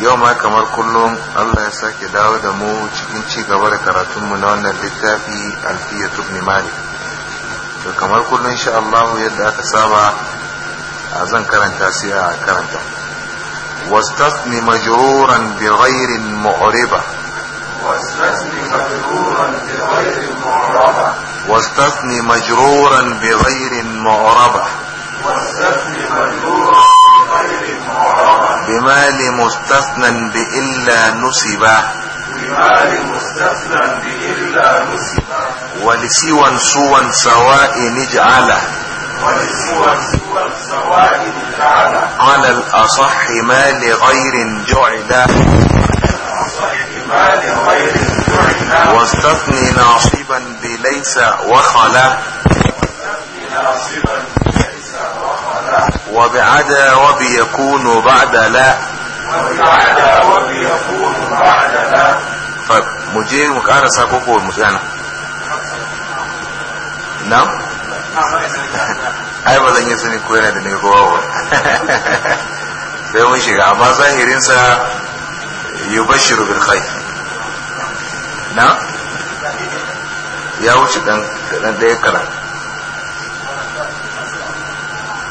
yau ma kamar kullum Allah ya sake dawo da mu cikin ci gaba da karatunmu na wannan littafi alfiya tubni malik to kamar kullum insha Allah yadda aka saba a zan karanta sai a karanta wastasni majruran bi ghairin mu'riba wastasni majruran bi ghairin mu'raba wastasni majruran bi ghairin mu'raba بمال مستثنى بإلا نسبا بمال مستثنى بإلا نسبا ولسوى سوى سواء نجعله ولسوى سوى سواء نجعله على الأصح ما لغير جعل واستثني ناصبا بليس وخلا وبعدا وبيكون بعد لا وبعدا وبيكون بعد لا طيب مجيب مكارسة كوكو المتعنى نعم ai ba zan yi sani ko yana da ne kowa ba sai mun shiga amma zahirinsa yi bashiru bil khair na ya wuce dan ɗaya karatu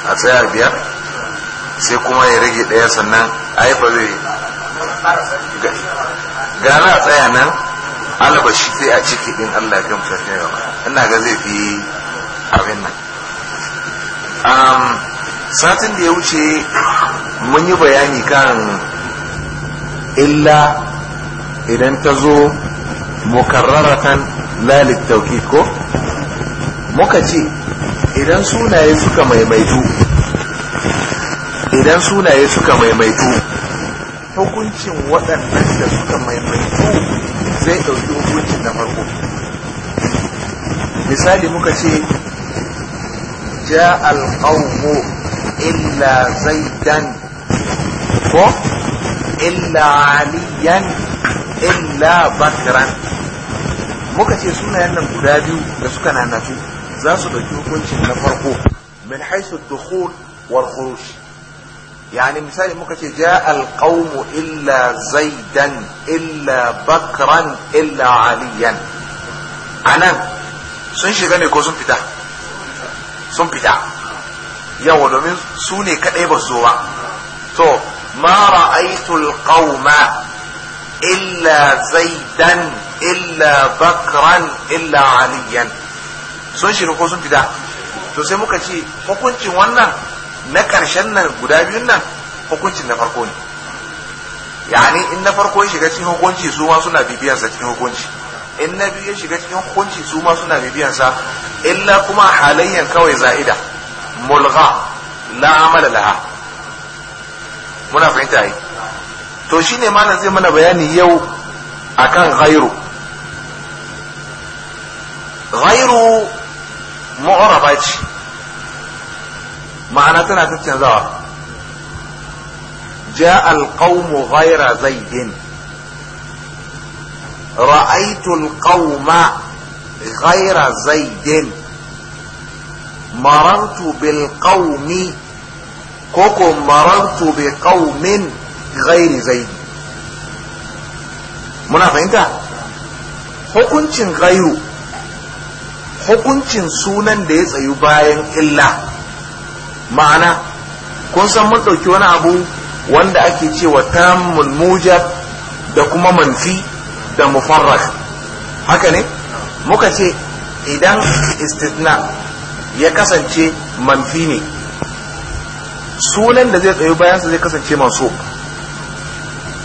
a tsaya biyar sai kuma ya rage ɗaya sannan yi ba zai gane a tsaya nan shi sai a ciki din allah kan fasiyawa ina ga zai fi abin nan satin da ya wuce mun yi bayani kan illa idan ta zo mukarraratan lalit ko muka ce idan sunaye suka maimaitu idan sunaye suka maimaitu hukuncin waɗannan da suka maimaitu zai ɗauki hukuncin na farko misali muka ce ja alƙawo illa zaidan ko illa aliyan illa bakiran muka ce sunayen nan guda biyu da suka nanatu za su ɗauki hukuncin na farko min haisu dukhul wal khuruj yani misali muka ce ja alqawmu illa zaidan illa bakran illa aliyan anan sun shiga ne ko sun fita sun fita yawa domin su ne kadai ba su ba to ma ra'aytu alqawma illa zaidan illa bakran illa aliyan sun shiga ko sun fita to sai muka ce hukuncin wannan na ƙarshen nan guda biyun nan hukuncin na farko ne yani in na farko ya shiga cikin hukunci su ma suna bibiyansa cikin hukunci in na biyu ya shiga cikin hukunci su ma suna bibiyansa illa kuma halayyan kawai za'ida mulgha la amala laha muna fahimta yi to shine malam zai mana bayani yau akan ghairu ghairu mu'araba ce ma'ana tana ta canzawa ja alƙaumu ghaira zaidin ra'aitu alƙauma ghaira zaidin marartu bil qaumi koko marartu bi qaumin ghairi zaid muna fahimta hukuncin gairu hukuncin sunan da ya tsayu bayan illa ma'ana kun san mun ɗauki wani abu wanda ake cewa tammul mujab da kuma manfi da mufarrak haka ne muka ce idan istitna ya kasance manfi ne sunan da zai tsaye sa zai kasance masu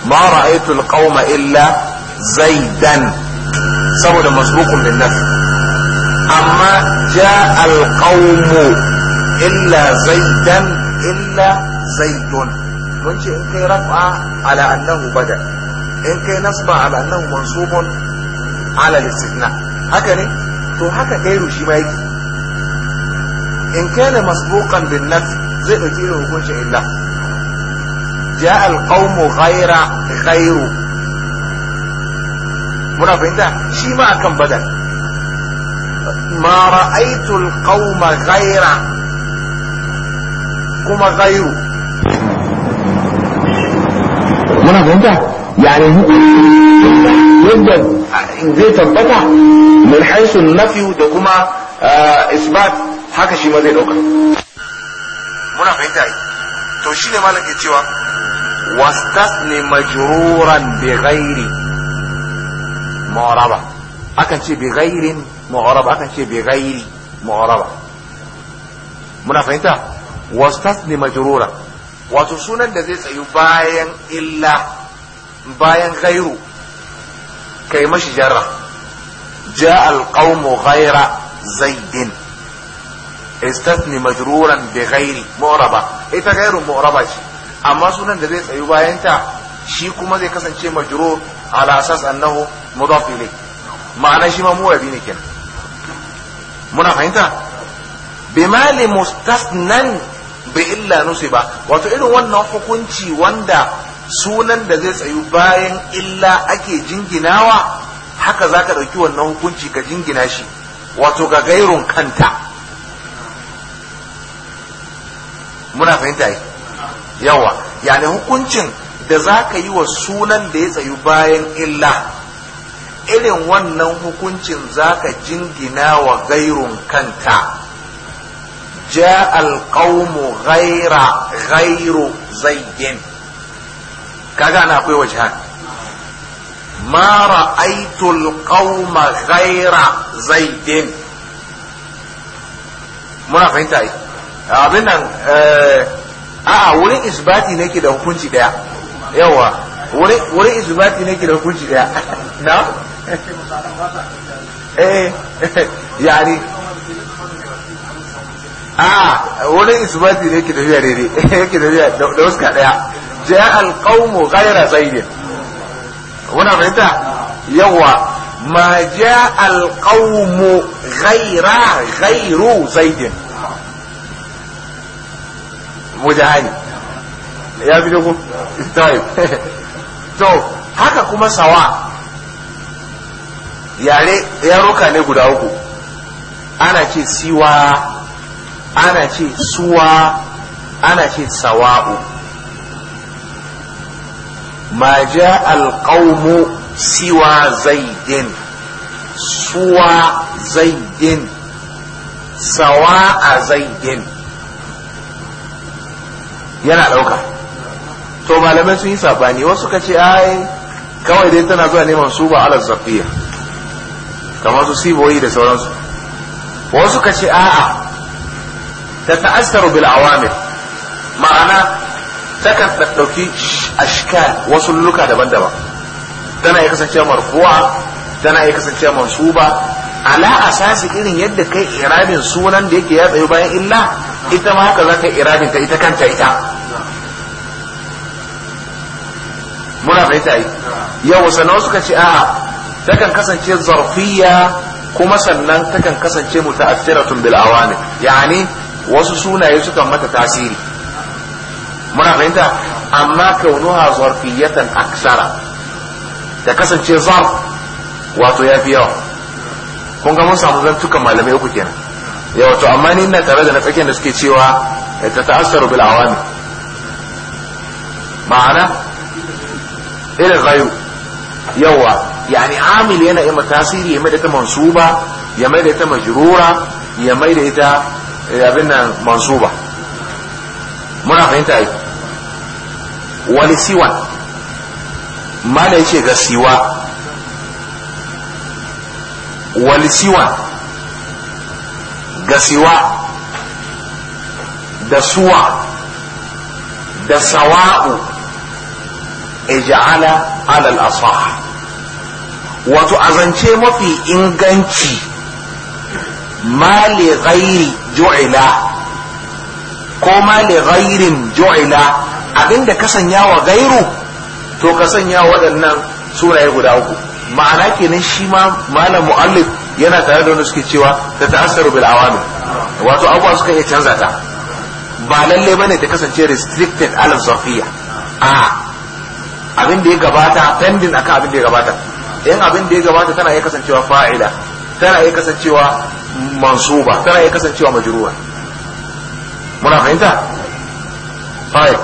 ma ra'aytul qauma illa zaidan saboda masrukun bin amma ja al إلا زيدا إلا زيد منش إن كي رفع على أنه بدأ إن كي نصب على أنه منصوب على الاستثناء هكذا تو هكا كيرو شمايكي إن كان مسبوقا بالنفس زي قتيله وكنش إلا جاء القوم غير غيره muna fahimta shi ma بدأ ما رأيت القوم غير غير kuma gairu muna fahimta yani yadda zai tabbata min haisu nafiyu da kuma ah, isbat haka shi ma zai dauka muna fahimta to shine malam ke cewa wastasni majruran bi ghairi mu'araba akan ce bi ghairin mu'araba akan ce bi ghairi mu'araba muna fahimta wastasni majrura wato sunan da zai tsayu bayan illa bayan gairu kai mashi jarra ja alqawmu ghaira zaidin istathni majruran bi ghairi mu'raba ita ghairu mu'raba ce amma sunan da zai tsayu bayan ta shi kuma zai kasance majrur ala asas annahu mudaf ilay ma'ana shi ma murabi ne kenan muna fahimta bimali li mustasnan Bai illa ba wato irin wannan hukunci wanda sunan da zai tsayu bayan illa ake jinginawa haka za ka ɗauki wannan hukunci ka jingina shi wato ga gairun kanta muna fahimta yi yawa yani hukuncin da za ka yi wa sunan da ya tsayu bayan illa irin wannan hukuncin za ka jingina wa gairun kanta ja alƙaumu ghaira ghairu zayyin kaga ana akwai wajhan ma ra'aytu alqauma ghaira zaidin muna fahimta ai abin nan eh, a'a wurin isbati nake da hukunci daya yawa wurin isbati nake da hukunci daya na eh yani a wurin isbati ne yake tafiya daidai yake tafiya da wasu daya ja al qawmu ghayra zaidin wannan fahimta yawa ma ja al qawmu ghayra ghayru zaidin mujahani ya fi dogo to haka kuma sawa yare yaruka ne guda uku ana ce siwa ana ce suwa ana ce sawa'u ma ja alƙaumu siwa zaidin suwa zaidin sawa a zaidin yana ɗauka to malamai sun yi sabani wasu ka ce ai kawai dai tana zuwa neman su ba ala zafiya kamar su siboyi da sauransu wasu ka ce a'a ta ta'assaru bil awamil ma'ana takan ɗauki ashkal wasu luka daban-daban tana iya kasancewa marfuwa tana iya kasancewa mansuba ala asasi irin yadda kai irabin sunan da yake ya tsayo bayan illa ita ma za ka irabin ta kanta ita muna yi yau sannan suka ce a takan kasance zarfiya kuma sannan takan kasance muta'affiratun bil awamil yani wasu sunaye suka mata tasiri muna fahimta amma kaunuha zarfiyatan aksara ta kasance zarf wato ya fi yawa kun ga mun samu zantukan malamai uku kenan ya wato amma ni ina tare da na tsakiyar da suke cewa eh, ta ta'assaru bil awami ma'ana ila zayu yawa yani amil yana yi tasiri ya mai da ta mansuba ya mai da ta majrura ya mai da ita Eh, abin nan mansuba muna fahimta yi wani siwan mala yake ga siwa wani siwan ga siwa da suwa da sawa'u ija'ala alal asah wato azance mafi inganci Mali ghairi ju'ila ko ma li ghairin ju'ila abinda ka sanya wa gairu to ka sanya waɗannan sunaye guda uku ma'ana kenan shi ma malam mu'allif yana tare da wanda suke cewa ta ta'assaru bil awami wato abuwa suka iya canza ta ba lalle bane ta kasance restricted alam safiya a abin da ya gabata pending akan abin da ya gabata in abin da ya gabata tana iya kasancewa fa'ila tana iya kasancewa mansuba tana iya kasancewa majruwa muna fahimta fayil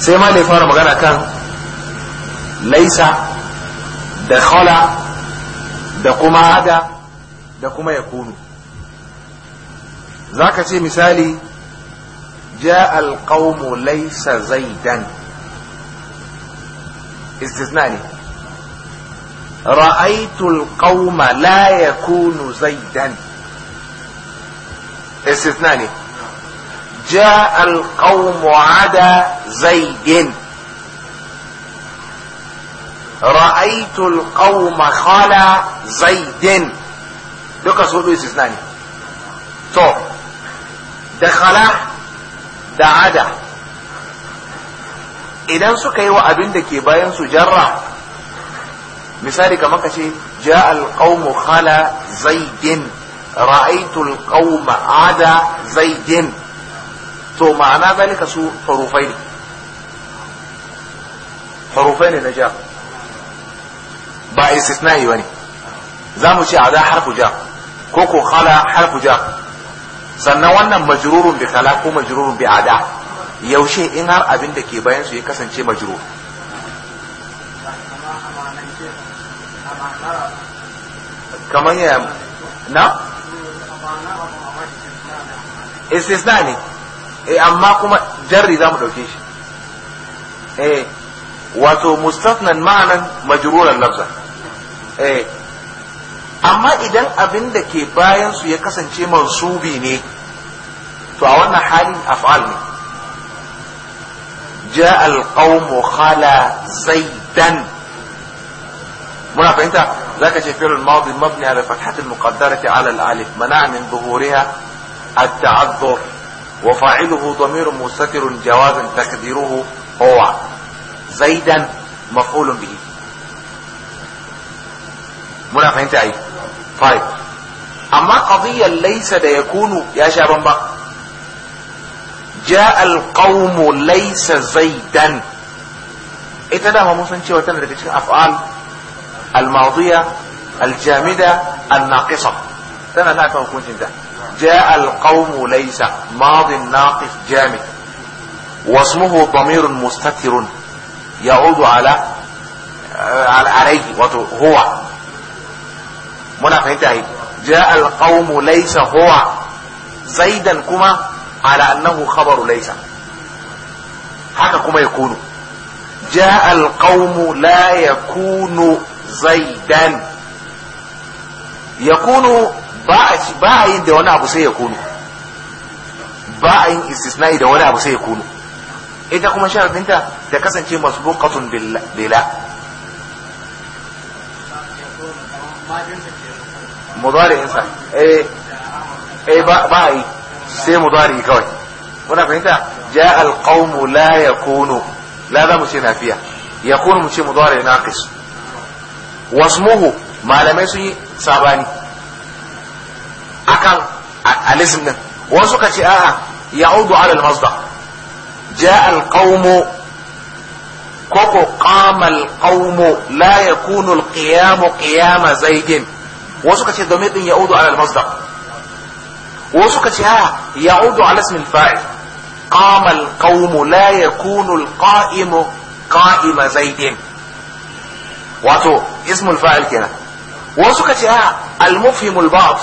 sai ma ya fara magana kan laisa da khala da kuma hada da kuma ya kunu za ka ce misali ja alƙaunmu laisa zaidan istisna ne ra'aytul qauma la yakunu zaidan استثناء ne جاء القوم عدا زيد رأيت القوم خلا زيد duka su biyu istisna ne to da khala da ada idan suka yiwa abin da ke bayan su jarra misali kamar ka ce ja alqawmu khala zaidin ra'aytu alqawma ada zaidin to ma'ana zalika su hurufai ne hurufai ne na ja ba istisna'i bane za mu ce ada harfu ja ko ko khala harfu ja sannan wannan majrurun bi khala ko majrurun bi ada yaushe in har abin da ke bayan su ya kasance majrur kamar yaya na istisna ne e eh, amma kuma jarri za mu ɗauke shi eh, wato mustafnan ma'anan majruran lafza eh, amma idan abin da ke bayan su ya kasance mansubi ne to a wannan halin af'al ne ja al qawmu khala zaidan muna fahimta ذاك فعل الماضي مبني على الفتحة المقدرة على الألف منع من ظهورها التعذر وفاعله ضمير مستتر جواز تقديره هو زيدا مفعول به منع فهمت أي طيب أما قضية ليس دا يكون يا شعب بقى جاء القوم ليس زيدا إذا dama mun san cewa أفعال الماضية الجامدة الناقصة تنا نعرف كون ده جاء القوم ليس ماض ناقص جامد واسمه ضمير مستتر يعود على عليه هو منا انتهي جاء القوم ليس هو زيدا كما على انه خبر ليس هكا كما يكون جاء القوم لا يكون زيدا يكون باع باع عند وانا ابو سي يكون باع استثناء ده وانا ابو سي يكون اذا كما شاء انت ده كسان شيء مسبوقه بلا مضارع صح ايه ايه باع سي مضارع كوي وانا فهمت جاء القوم لا يكون لا ده مش نافيه يكون مش مضارع ناقص wasmuhu malamai sun yi sabani akan alism din wasu ka ce a'a ya'udu ala al-masdar ja'a al-qawmu koko qama al-qawmu la yakunu al-qiyamu qiyama zaidin wasu ka ce domin din ya'udu ala al-masdar wasu ka ce a'a ya'udu ala ism al-fa'il qama al-qawmu la yakunu al-qa'imu qa'ima zaidin wato ismul fa'il kenan wasu ka ce a al ba'd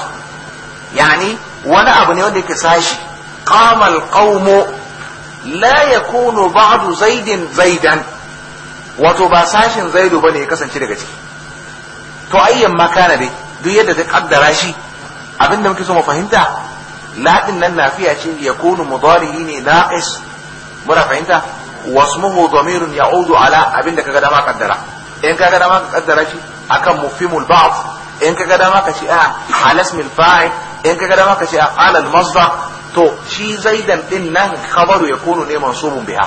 yani wani abu ne wanda yake sashi kamal kaumo qawmu la yakunu ba'du zaidin zaidan wato ba sashin zaidu bane ya kasance daga ciki to ayyan kana dai duk yadda ta kaddara shi abinda muke so mu fahimta laɗin nan nafiya ce yakunu mudarihi ne is muna fahimta wasmuhu ya udu ala abinda kaga dama kaddara in ka ga dama ka kaddara shi akan mufhimul ba'd in ka ga dama ka ce a halas mil fa'il in ka ga dama ka ce a qala al masdar to shi zaidan din nan khabaru yakunu ne mansubun biha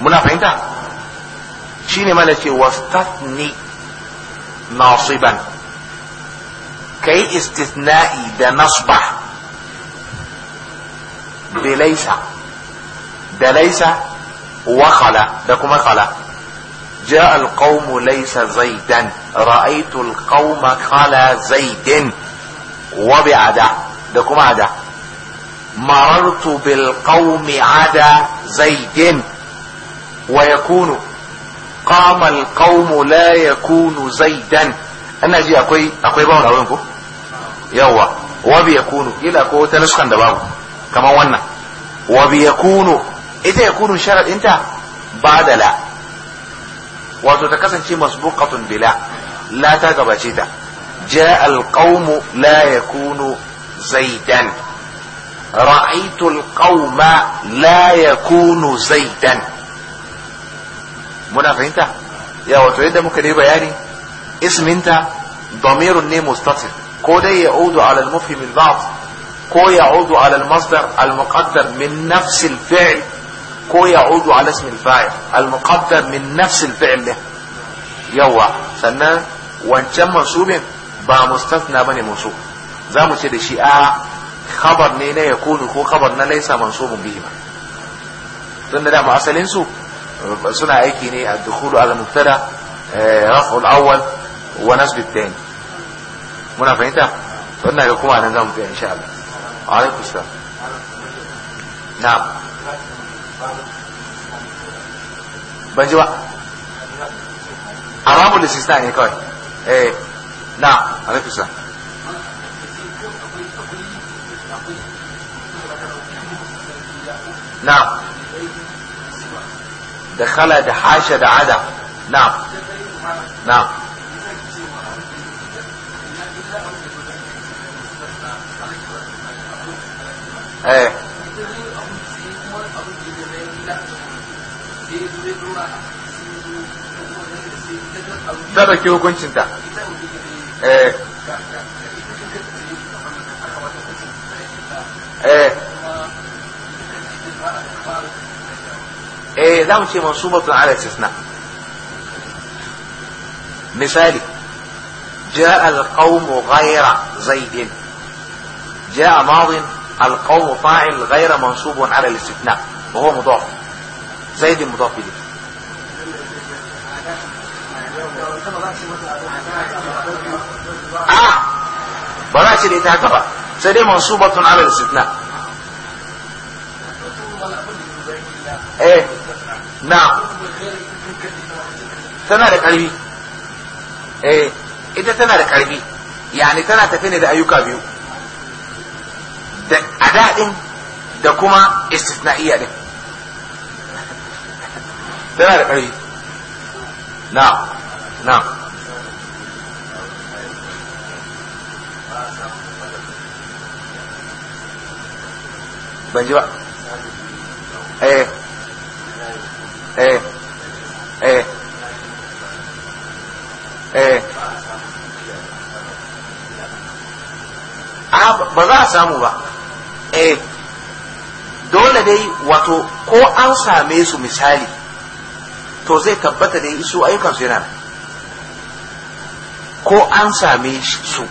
muna fahimta shine mala ce wastathni nasiban kai istithna'i da nasba bilaisa da laisa wa da kuma khala ja alqawmu laysa zaidan ra'aytu alqawma khala zaidin wa bi'ada da kuma ada marartu bil qawmi ada zaidin wa yakunu qama alqawmu la yakunu zaidan ana ji akwai akwai bawon a wa ko ta da babu kamar wannan ita ya kunu sharaɗinta ba da la wato ta kasance masbuqatun bila la ta gabace ta ja alqaumu la yakunu zaidan ra'aytu alqauma la yakunu zaidan muna fahimta ya wato yadda muka dai bayani isminta damirun ne mustatir ko dai ya'udu ala al-mufhim al-ba'd ko ya'udu ala al-masdar al-muqaddar min nafs al-fi'l ko ya'udu ala ismi al-fa'il al-muqaddar min nafs al-fi'l ne yawa sannan wancan mansubin ba mustathna bane Za mu ce da shi a khabar ne na yakunu ko khabar na laysa mansubun bihi ba tun da dama asalin su eh, suna aiki ne a dukhulu ala mubtada eh, raf'u al-awwal wa nasb al-thani muna fahimta wannan ga kuma nan zamu ga insha Allah alaikum salam na'am ban ji ba arabu da sista ne kawai eh na alaikusa na da khala da hasha da ada na na eh ta ɗauki hukuncinta eh. eh eh za mu ce mansubatun ala istisna misali جاء القوم غير زيد جاء ماض القوم فاعل غير منصوب على الاستثناء وهو مضاف zaid mudaf a ba za ce da ita haka ba sai dai mansubatun ala istithna eh na tana da karfi ita tana da karfi yani tana tafe ne da ayyuka biyu da adadin da kuma tana da ƙarfi na na ban ji ba eh eh eh eh ba za a samu ba eh dole dai wato ko an same su misali to zai tabbata da su ayyukan su yana ko an same su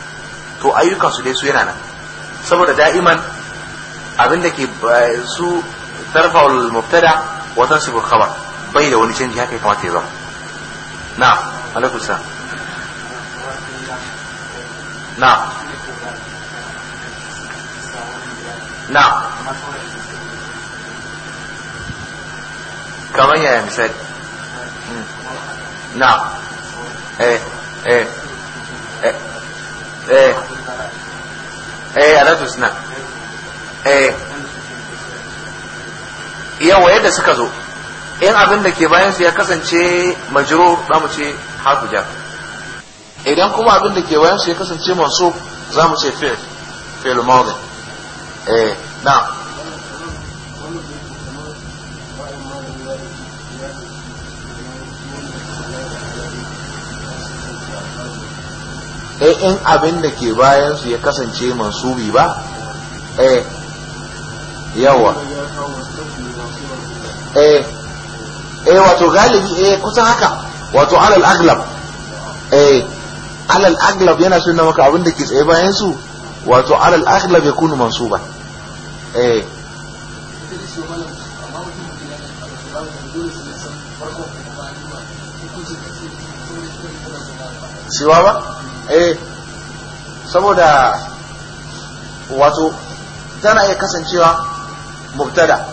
to ayyukan su dai su yana nan saboda da'iman abin da ke eh, su tarfa'ul mubtada wa tansibul khabar bai da wani canji haka ya kamata ya zama na alaikum salam na na kamar yaya misali na eh eh eh eh alatu suna eh, eh. yawa yadda suka zo in abin da ke bayansu ya kasance majiro za mu ce hakuja idan kuma abin da ke bayansu ya kasance mansub za mu ce fi'il fi'il mawdhi eh na'am eh in abin da ke bayan su ya kasance mansubi ba eh yawa eh eh wato galibi eh kusan haka wato alal aglab eh alal aglab yana suna maka abin da ke tsaye bayan su wato alal aglab yakunu mansuba eh siwa ba eh saboda wato tana iya kasancewa mubtada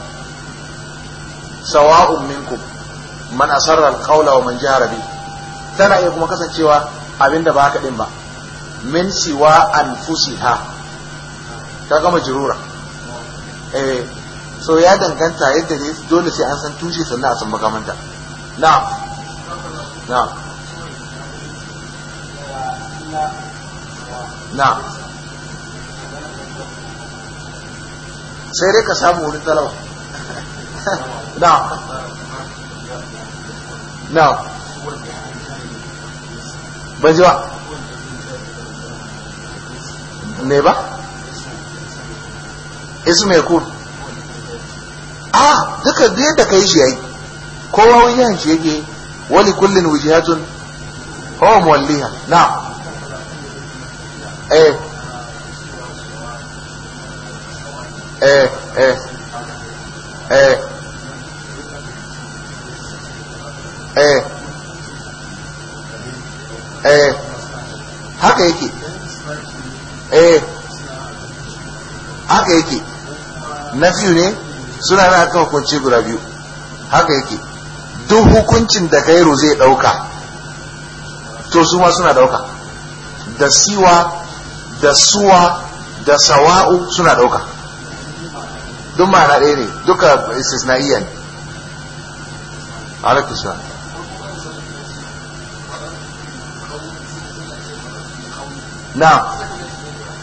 sawa'un minkum man asarra alqawla wa man jahara bi tana iya kuma kasancewa abinda ba ka din ba min siwa anfusiha ta gama jirura eh so ya danganta yadda ne dole sai an san tushe sannan a san makamanta na'am na'am na sai dai ka samu wurin talawa na na ban ji ba me ba isu mai kun a duka biyar da ka yi shi yayi kowa wajen shi yake wali kullin wujihatun hawa muwalliha na eh eh eh eh eh eh haka yake eh haka yake na fiye ne suna na aka hukunci guda biyu haka yake duk hukuncin da kairu zai dauka to su ma suna dauka da siwa da suwa da sawa'u suna ɗauka duk ma'ana ɗaya ne duka istisna'iyya ne alaƙi sa na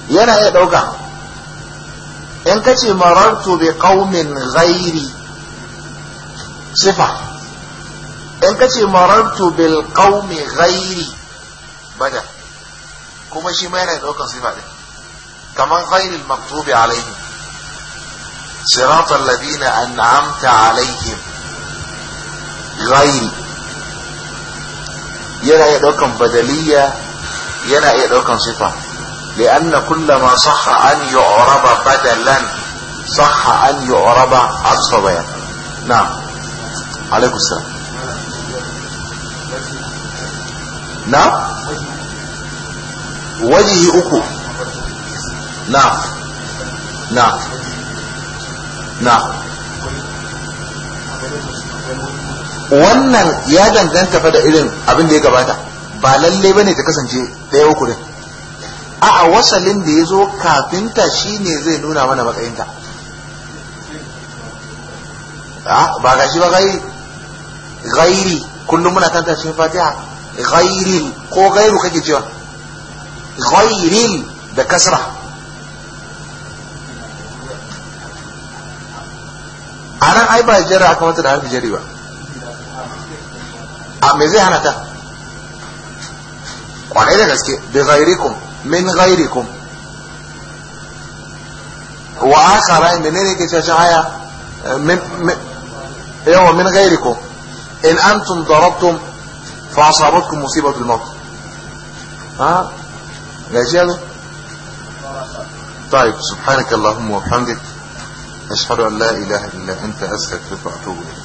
yana iya ɗauka in ka ce marartu bi ƙaumin ghairi sifa in ka ce marartu bil ƙaumin ghairi badal kuma shi ma yana daukan sifa din kamar ghairil maktubi alaihim siratal ladina an'amta alaihim ghairi yana iya daukan badaliya yana iya daukan sifa لأن كل ما صح أن يعرب بدلا صح أن يعرب عطف بيان نعم عليكم السلام نعم wajihi uku na na na wannan ya danganta fa da irin abin da ya gabata ba lalle bane ta kasance ɗaya uku din a'a wasalin da ya zo kafinta ne zai nuna mana matsayinta ba ga shi ba gairi kullum muna kanta fatiha gairi ko gairu kake cewa غير بكسرة ده كسرة أنا أي بقى جرى حكمة العرب جري بقى أم زي أنا وعلى إيه ده بغيركم من غيركم وآخر أي منين كده شعايا من, من يوم من غيركم إن أنتم ضربتم فأصابتكم مصيبة الموت ها لا طيب سبحانك اللهم وبحمدك أشهد أن لا إله إلا أنت أستغفرك وأتوب